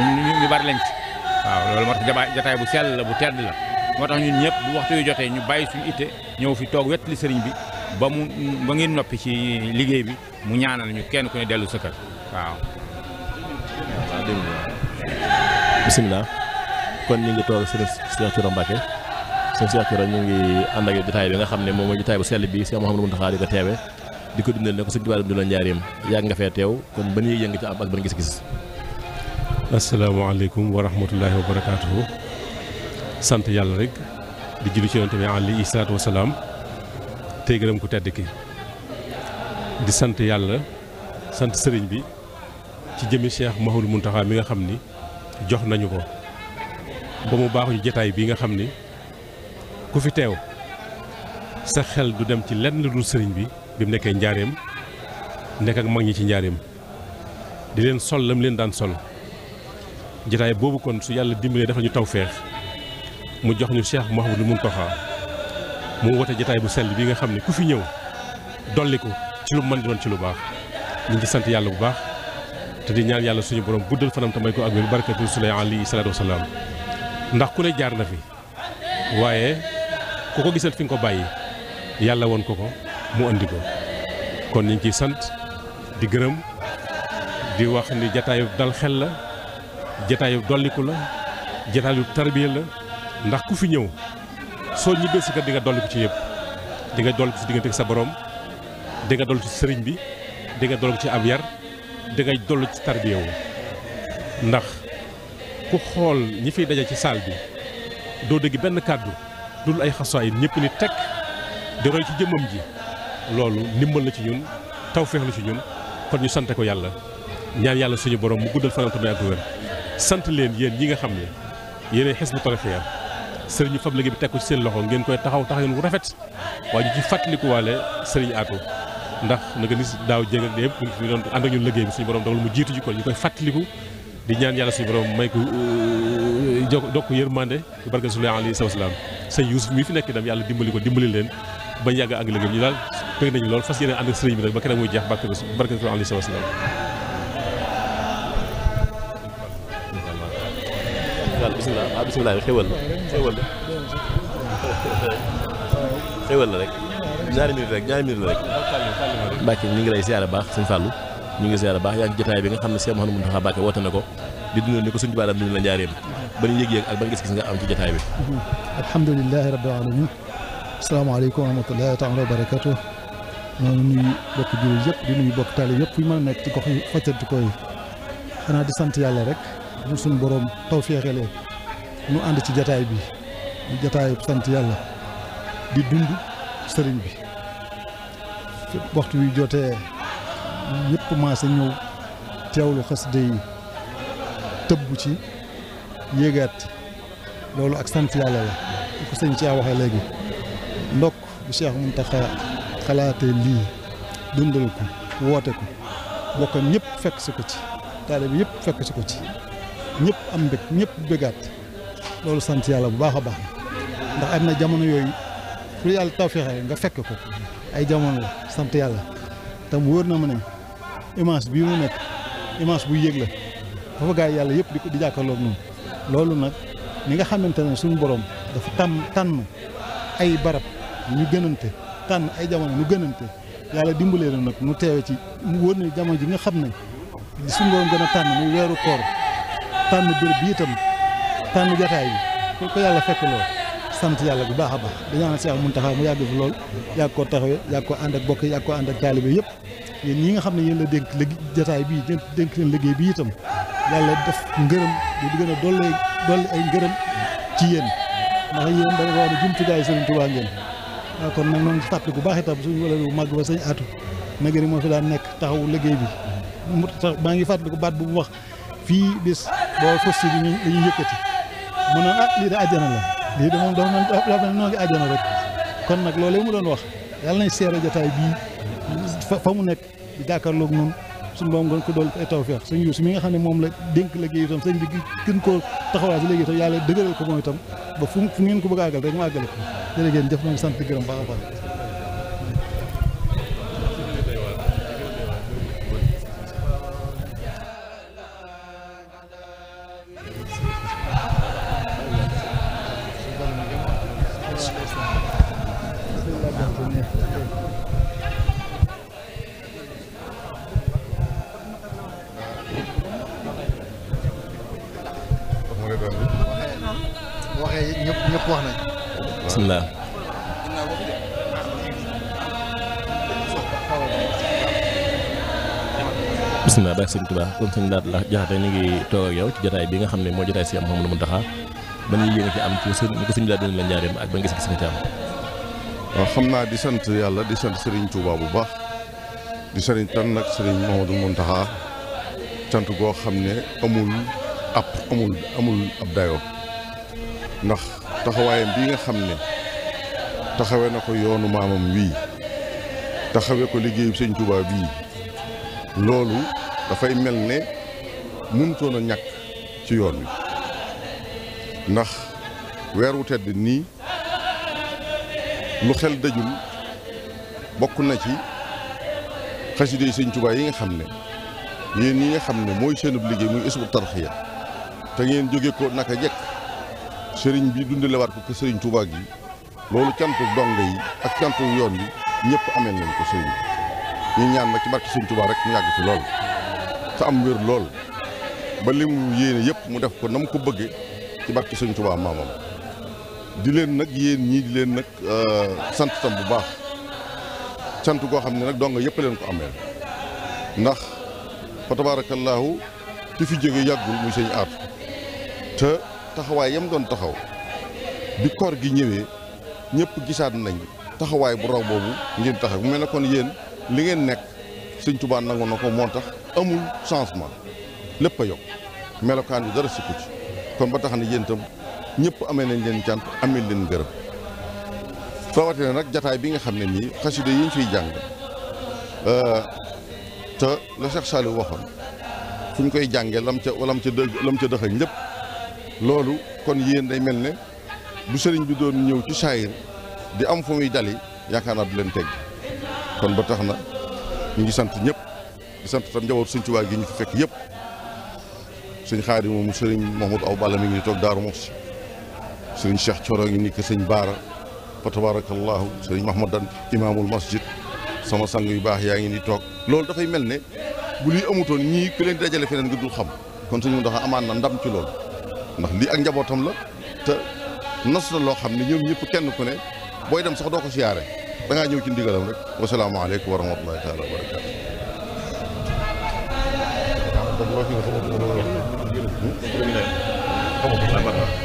ñu bari lañ ci waaw loolu moo tax bu sell la bu tedd la ñëpp bu waxtu yu jotee ñu bàyyi suñu itte ñëw fi toog wet li sëriñ bi ba mu ba ngeen noppi ci liggéey bi mu ñaanal ñu kenn ku dellu sa kër waaw. bisimilah kon ñu ngi toog sëriñ Cheikh Thioro Mbacke sëriñ Cheikh Thioro ñu ngi ànd yi jotaay bi nga xam ne moom mooy jotaay bu sell bi Cheikh Mouhamadou Mountakha di ko teewe di ko dundal ne ko sëriñ du la njaareem yàgg nga fee teew kon ba ban yëngu ci am ak ban gis-gis. asalaamaaleykum wa rahmatullahi wa barakaatuhu sant yàlla rek di julli ci yonent bi alayhi salaatu wa salaam tey gërëm ku tedd ki di sant yàlla sant sëriñ bi ci jëmi Cheikh Mahul Muntaxa mi nga xam ni jox nañu ko ba mu baaxuñu jataay bi nga xam ni ku fi teew sa xel du dem ci lenn lu dul sëriñ bi bi mu nekkee njaareem nekk ak mag ñi ci njaareem di leen sol lam leen daan sol jotaay boobu kon su yàlla dimbalee dafa ñu tawféex mu jox ñu Cheikh Mouhamadou Mountakha mu ko wote jataay bu sel bi nga xam ne ku fi ñëw dolli ko ci lu mën di doon ci lu baax ñu ngi sant yàlla bu baax te di ñaan yàlla suñu borom guddal fanam te may ko ak wér barakatu sulay alayhi salaatu wasalaam ndax ku ne jaar fi waaye ku ko gisal fi ko bàyyi yàlla woon ko ko mu andi ko kon sant di gërëm di wax ni jataayu dal xel la. jataayu dolliku la jataayu tarbiya la ndax ku fi ñëw soo ñibbee si kat di nga dolliku ci yëpp di nga dolliku si diggante sa borom di nga dolliku ci sëriñ bi di nga dolliku ci ab yar dinga nga dollu ci tarbiya wu ndax ku xool ñi fiy daje ci saal bi doo dégg benn kàddu dul ay xasaay ñëpp ni teg di roy ci jëmmam ji loolu ndimbal na ci ñun tawfeex la ci ñun kon ñu sante ko yàlla ñaan yàlla suñu borom mu guddal fanam tamit ak wér sant leen yéen ñi nga xam ne yéenay xes bu tarixiya sëriñ fab liggéey bi teg ko ci seen loxo ngeen koy taxaw tax ngeen wu rafet waaye ñu ci fàttalikuwaale sëriñ aatu ndax na nga daaw jéeg ak yëpp mu ngi fi doon ànd ak borom dogal mu jiitu ji ko ñu yàlla suñu borom may ko euh, jokk yërmande ci barke sallallahu alayhi wa sallam sëñ Yuusuf mii fi nekk itam yàlla dimbali ko dimbali leen bañ yàgg ak liggéey bi ñu daal bëgg nañu lool fas yéene ànd ak sëriñ bi nag ba keneen muy jeex barke sallallahu alayhi bisimilah bisimilah waaw bisimilah xéwal la xéwal la xéwal la rek ñaari minute la rek Mbacke ñu ngi lay ziar baax sëñ Fallou ñu ngi ziar baax yaa ngi jotaay bi nga xam ne Cheikh Mouhamadou Mountakha Mbacke woote na ko di dundal ni ko suñu baaraam dund la njaareem ban yëg-yëg ak ban gis-gis nga am ci jotaay bi mhm. alhamdulilahi rabbil alamin asalaamaaleykum wa rahmatullahi taala wa barakatuh ñoo ngi nuyu bokk jullit yëpp di nuyu bokk taalib yëpp fu ñu mën a nekk ci gox yi fàccante ko yi di sant yàlla rek ñu suñu boroom taw féexalee ñu ànd ci jataay bi ñu jataay sant yàlla di dund sëriñ bi waxtu wi jotee ñëpp maase ñëw teewlu xasida yi tëbb ci yéegaat loolu ak sant yàlla la ko sëñ ci waxee léegi ndokk bu Cheikh Mountakha xalaate lii dundal ko woote ko bokkam yëpp fekk si ko ci taalibe yëpp fekk si ko ci ñëpp am mbég ñëpp bégaat loolu sant yàlla bu baax a baax ndax am na jamono yooyu lu yàlla tawféexee nga fekk ko ay jamono la sant yàlla tam wóor na ma ne image bii mu nekk image bu yéeg la dafa gaa yàlla yëpp di ko di jàkkaarloog noonu loolu nag ni nga xamante ne suñu borom dafa tàmm tànn ay barab ñu gënante tànn ay jamono ñu gënante yàlla dimbalee na nag nu teewe ci mu wóor na jamono ji nga xam ne suñu borom gën a tànn mu weeru koor tànn béréb bi itam tànn jataay bi ko yàlla fekk lool sant yàlla bu baax a baax dañaanal Cheikh Mountakha mu yàgg fi lool yàgg koo taxawee yàgg koo ànd ak bokk yàgg koo ànd ak taalibe yëpp yéen ñi nga xam ne yéen la dénk léegi jataay bii dénk leen liggéey bi itam yàlla def ngërëm di gën a dolli dolli ay ngërëm ci yéen ndax yéen dañu wax ne jumtukaay Serigne Touba ngeen waaw kon nag noonu fàttali bu baax itam suñu wala bu màgg ba sëñ atu nagari moo fi daan nekk boo fas si dañuy dañuy yëkkati mu ne ah, lii de àjjana la lii de moom dafa mel dafa noon noo ngi rek kon nag loolu loolee ma doon wax yàlla nañ seere jataay bii fa mu nekk di jàkkaarloog noonu suñu boom gën ko dool ay tawfeex sëñ Yuusu mi nga xam ne moom la dénk liggéey itam sëñ bi gën koo taxawaay si léegi itam yàlla dëgëral ko moom itam ba fu ngeen ko bëgg a àggal rek mu àggale ko jërë ngeen jëf maa sant gërëm baax a baax bisimilah. bisimilah baax sëñ Tuubaa kon sëñ Daara Jaxate ñu ngi toog ak yow ci jotaay bi nga xam ne moo jotaay si am la Mountakha ban yii nga ci am ci sëñ ko sëñ bi doon la njaareem ak ban gis-gis nga ci am. waaw xam naa di sant yàlla di sant Serigne Touba bu baax di sant tan nag Serigne Mouhamadou Mountakha sant goo xam ne amul ab amul amul ab dayoo ndax. taxawaayam bi nga xam ne taxawe na ko yoonu maamam wii taxawe ko liggéeyu sëñ Tuubaa bii loolu dafay mel ne mënutoon ñakk ci yoon wi ndax weer wu tedd nii lu xel dajul bokk na ci xaside yi sëñ Tuubaa yi nga xam ne yéen yi nga xam ne mooy seenub liggéey muy isbu tarxiya te ngeen jóge ko naka jekk sëriñ bi dundalewaat ko ko sëriñ Touba gi loolu cantu dongo yi ak cantu yoon bi ñëpp ameel nañ ko sëriñ ñu ñaan nag ci barke sëriñ Touba rek mu yàgg lool te am wér lool ba li mu yéene yëpp mu def ko na mu ko bëggee ci barke sëriñ Touba maamam di leen nag yéen ñii di leen nag euh, sant tam bu baax sant goo xam ne nag dongo yëpp leen ko ameel ndax fa tabaarakallaahu ki fi jóge yàggul mu sëñ aat taxawaay yam doon taxaw bi koor gi ñëwee ñëpp gisaat nañ taxawaay bu raw boobu ngir taxaw mu mel ne yéen li ngeen nekk sëñ Tuubaa nangu na ko moo tax amul changement lépp a yokk melokaan yu dara sikku ci kon ba tax na yéen itam ñëpp amee nañ leen cant amee leen gërëm rawatina nag jataay bi nga xam ne nii xasida yi ñu fiy jàng euh, te la Cheikh Saliou waxoon fu ñu koy jàngee lam ca lam ca dë lam ca dëxañ lépp loolu kon yéen day mel ne bu sëriñ bi doon ñëw ci saayir di am fu muy dali yaakaar naa du leen tegg kon ba tax na ñu ngi sant ñëpp di sant tam njaboot suñ ci waa gi ñu fi fekk yëpp suñ xaari moomu sëriñ Mahmoud Aw Balla mi ngi toog Daaru Moxsi sëriñ Cheikh Coro ngi nekk sëñ Baara fa tabarakallahu sëriñ Mahmadan imaamul masjid sama sang yu baax yaa ngi ni toog loolu dafay mel ne bu luy amutoon ñii ku leen dajale feneen nga dul xam kon suñu ndax na ndam ci loolu ndax lii ak njabootam la te nos la loo xam ne ñëw ñëpp kenn ku ne booy dem sax doo ko siyaare da ñëw ci ndigalam rek wasalaamaaleykum wa rahmatullahi taala wa barakaatu. Hmm?